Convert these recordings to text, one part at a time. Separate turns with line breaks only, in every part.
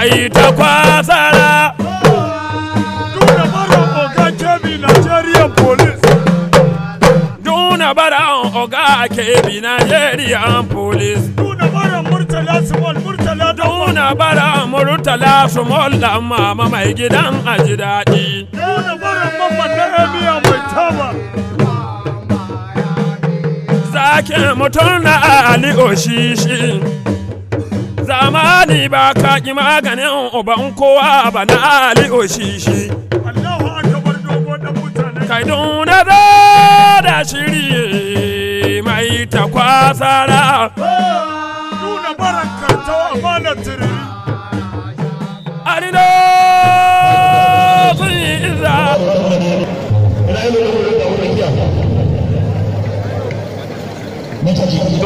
ai ta kwasara Duna bara oga kebi Nigerian police Duna bara oga kebi Nigerian police Duna bara murtala small murtala Duna bara murtala small da mama mai gidan aji daɗi Duna bara mama Nehemiah mai taba Zakin mutum na Ali Oshishi amani ba ka ki maganin uban kowa ba na ali oshishi Allahu akbar dogo da da shiri mai ta kwasara nuna barakar wa amana tiri Ari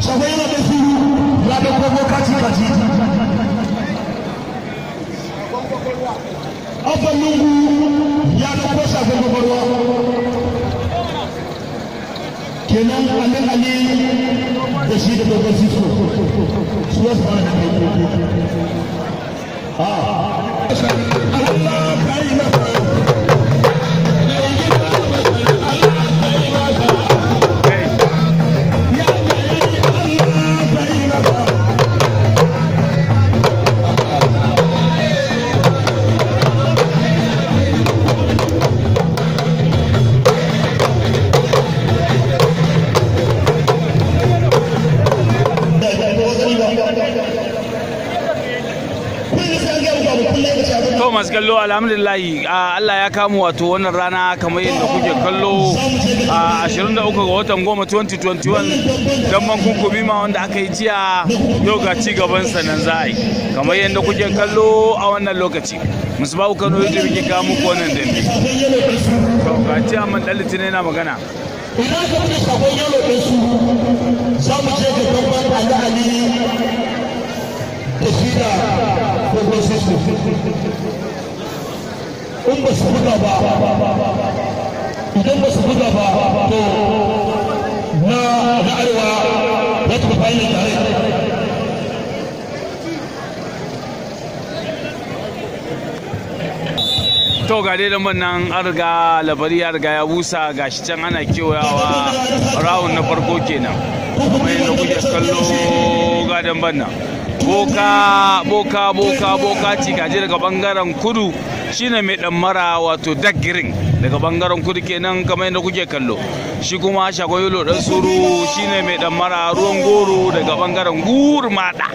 shagwara da firu ya da kogo kaci kaci abban lungu ya da ko kenan alin ali da shi da dogon siso su wasu ba da
masu kallo alhamdulillahi Allah ya kamu wato wannan rana kamar yadda kuke kallo a 23 ga watan goma 2021 don bankun bima wanda aka yi jiya yau ga ci gaban sanan za a yi kamar yadda kuke kallo a wannan lokaci musu ba kano yadda muke kawo muku wannan dambe to ga ci amma dan litinin yana magana ina ga mu sabon yalo din su za mu je ga gaban Allah da shi da
in ba su buga ba idan ba su buga ba to na na arewa za ta fi final tare
to ga dai da nan an riga labari ya riga ya busa gashi can ana kewayawa rawun na farko kenan kuma yadda kuke kallo gadon banna boka boka boka boka ci gaji daga bangaren kudu shine mai mara wato dark green daga bangaren kudu kenan kamar yadda kuke kallo shi kuma shagoyolo dan suru shine mai mara ruwan goro daga bangaren gurmada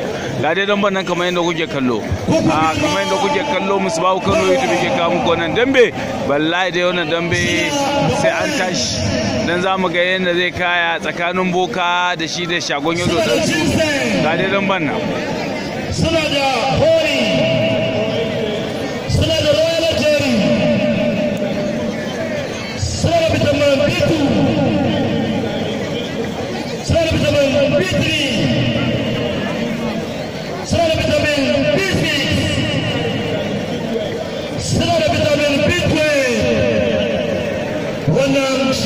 ga dai dan bannan kamar yadda kuke kallo a ah, kamar yadda kuke kallo musbahu kano youtube ke kawo muku wannan dambe wallahi dai wannan dambe sai an tashi dan za mu ga yadda zai kaya tsakanin boka da shi da shagon yolo dan suru ga dai dan bannan
suna da hori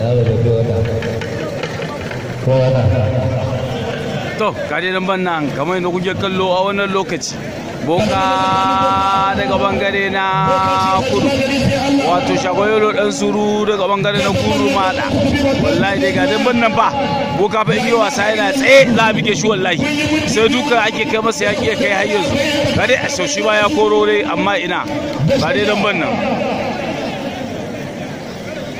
yaro da biyo wata ko wata
to kare dan bannan kamar yadda kuke kallo a wannan lokaci boka daga bangare na kudu wato shagoyolo dan suru daga bangare na kudu mada wallahi dai ga dan bannan ba boka fa yi wasa yana tsaye za a bige shi wallahi sai duka ake kai masa yaki ya kai har yanzu ga dai a saushi ba ya koro dai amma ina ga dai dan bannan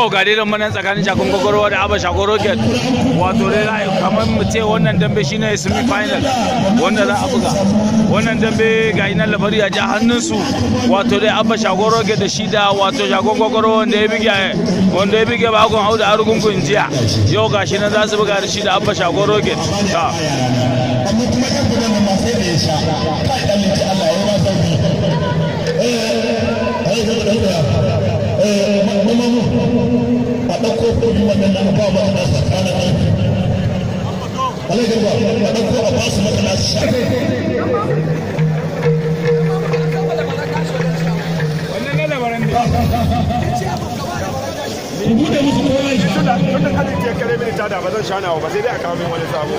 to ga dai dambanin tsakanin shakon gogoro da abasha rocket wato dai kamar mu ce wannan dambe shine semi final wanda za a buga wannan dambe ga ina labari a ja su wato dai abasha rocket da shi da wato wanda ya bige wanda ya bige gon hauda argungun jiya yau ga shi nan za su buga da shi da abasha rocket ta
ɗauko kofi wannan an ba ba ba não nan
alai garba a ɗauko a ba su o su sha ku
bude musu kowa shi tunda tunda kada ke kare mini tada ba zan shana ba sai dai a kawo min wani sabo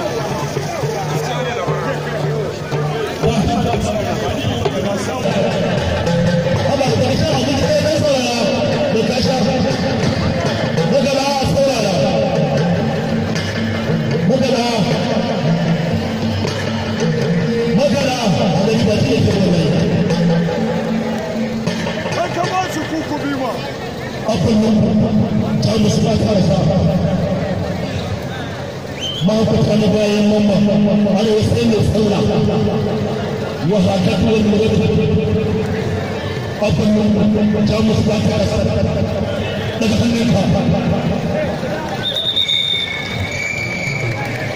Thank you. أقول لهم تعالوا سبعة أرفع ما كنت أنا باين ماما على يسألني الثورة وهكذا المغرب أقول لهم تعالوا سبعة أرفع تدخلنيها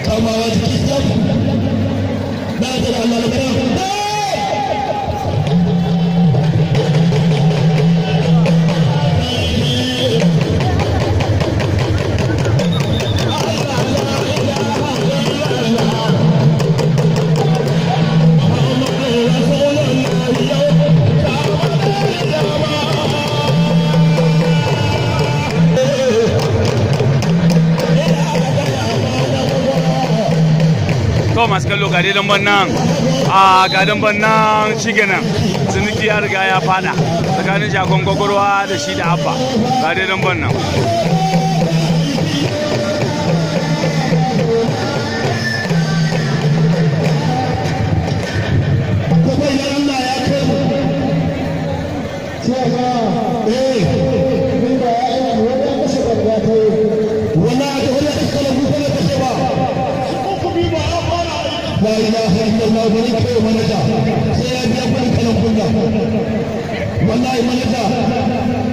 كما وجدت لا تدعو الله لك
to masu kallo ga dan bannan a ga dan bannan ciniki ya riga ya fada tsakanin shagon gwagwarwa da shi da abba ga dan nan
ilaha illallah bari ka bai manaja sai ya biya kuɗin kalan kunya wallahi manaja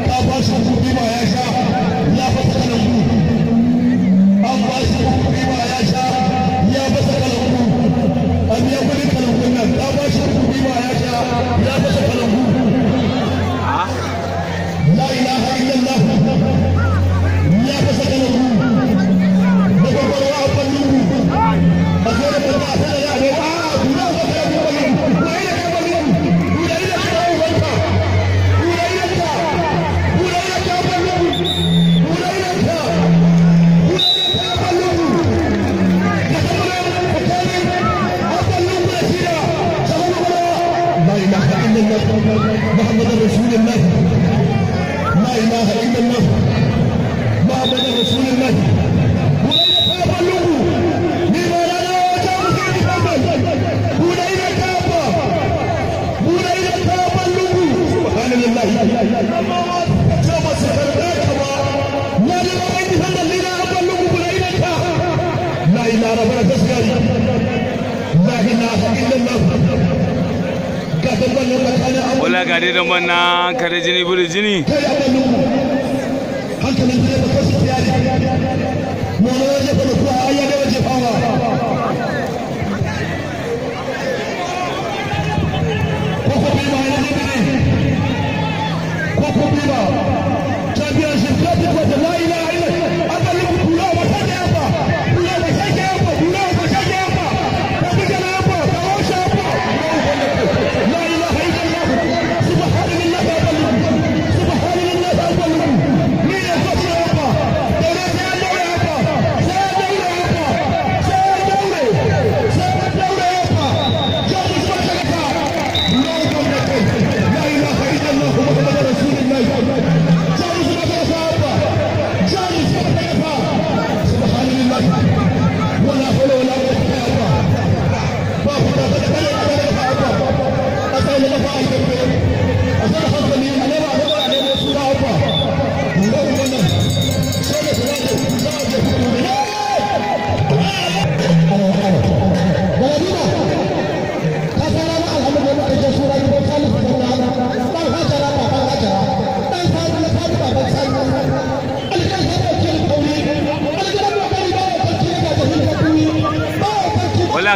ta ba ya sha رسول الله لا إله إلا الله محمد رسول الله wala ga dai da manna
kare jini buri jini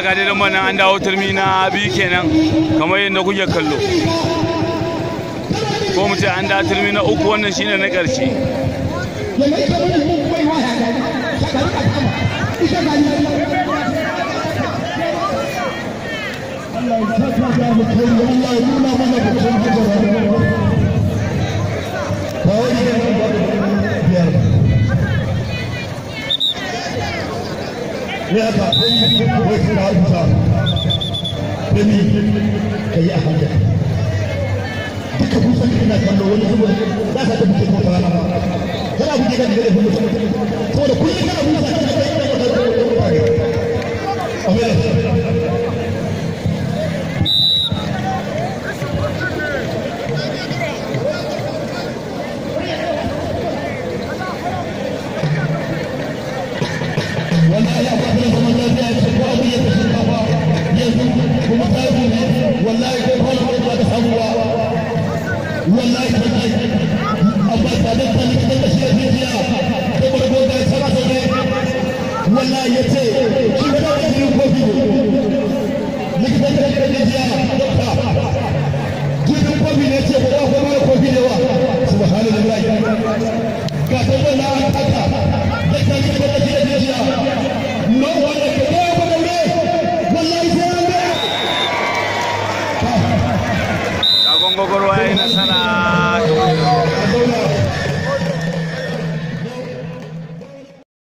ga dai nan an dawo turmi na biyu kenan kamar yadda kuke kallo ko mu ce an dawo turmi na uku wannan shine na ƙarshe
Allah ya siyasa sai wai su dawo kusa ka yi a hankali duka kun san ina kallo wani zuwa za ka tafi kuma fara na kana buke ka daga kuma saboda kullum kana da ka daga kuma fara amma